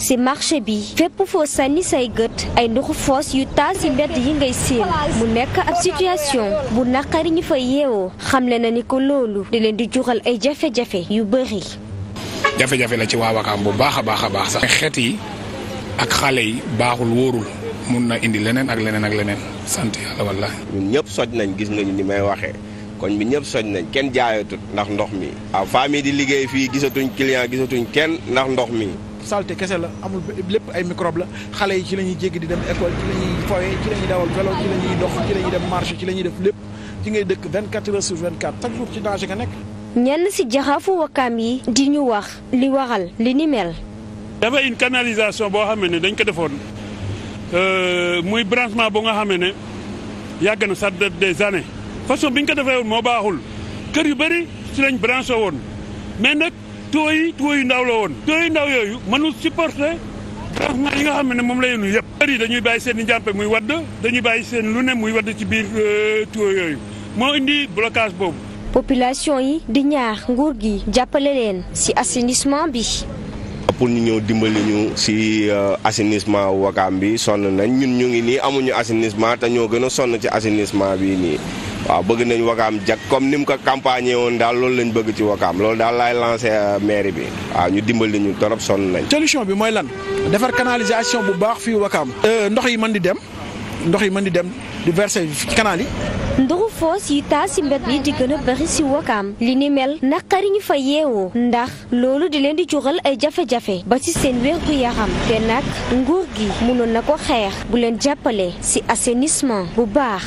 ci marché bi fépp foo sànni say gët ay ndoxu foos yu taal ci mbedd yi ngay séen mu nekk ab situation bu naqari ñu fa yeewoo xamle na ni ko loolu di leen di jural ay jafe-jafe yu bëri. jafe-jafe la ci waawakaam bu baax a baax a baax sax. xeet yi ak xale yi baaxul wóorul mun na indi leneen ak leneen ak leneen sant yàlla wallaahi. ñun ñëpp soj nañ gis nga ni may waxee. koñ bi ñëpp soñ nañ kenn jaayatut ndax ndox mi. waaw famille di liggéey fii gisatuñ client gisatuñ kenn ndax ndox mi. salte kese la amul lépp ay microbe la xale yi ci la ñuy jéggi di dem école ci la dawal vélo ci la ñuy dox ci la ñuy dem marché ci la ñuy def lépp ci ngay dëkk 24 heures sur 24 chaque jour ci danger nga nekk. ñenn si jaxaafu wakkaam yi di ñu wax li waral li ni mel. dafay une canalisation boo xam ne dañ ko defoon euh, muy branchement boo nga xamee ne yàgg na ça def des années façon bi ñu ko defee woon moo baaxul kër yu bëri si lañ branché woon mais tuyaux yi tuyaux yu ndaw la woon tuyaux yu ndaw yooyu mënul supporter branchement yi nga xam ne moom la yenu yëpp bëri dañuy bàyyi seen i njàmpe muy wadd dañuy bàyyi seen lu ne muy wadd ci biir euh, tuyaux yooyu moo indi blocage boobu population yi di ñaax nguur gi jàppale leen ci assainissement bi pour ñu ñëw dimbali ñu ci euh, assainissement Wakaam bi sonn nañ ñun ñu ngi nii amuñu assainissement te ñoo gën a sonn ci assainissement bii nii waaw bëgg nañ wakaam jag comme ni mu ko campagne woon daal loolu lañ bëgg ci wakaam loolu daal laay lancé euh, mairie bi waaw ñu dimbali ñu torop sonn nañ solution bi mooy lan defar canalisation bu baax fii wakaam euh, ndox yi mën di dem ndox yi mën di dem di verser canal yi ndoxu foos yi taas ci mbedd yi di gën a bari ci wakaam li ni mel naqari ñu fa yeewoo ndax loolu di leen di jural ay jafe-jafe ba ci seen wérgu yaram te nag nguur gi mënoon na ko xeex bu leen jàppale ci assainissement bu baax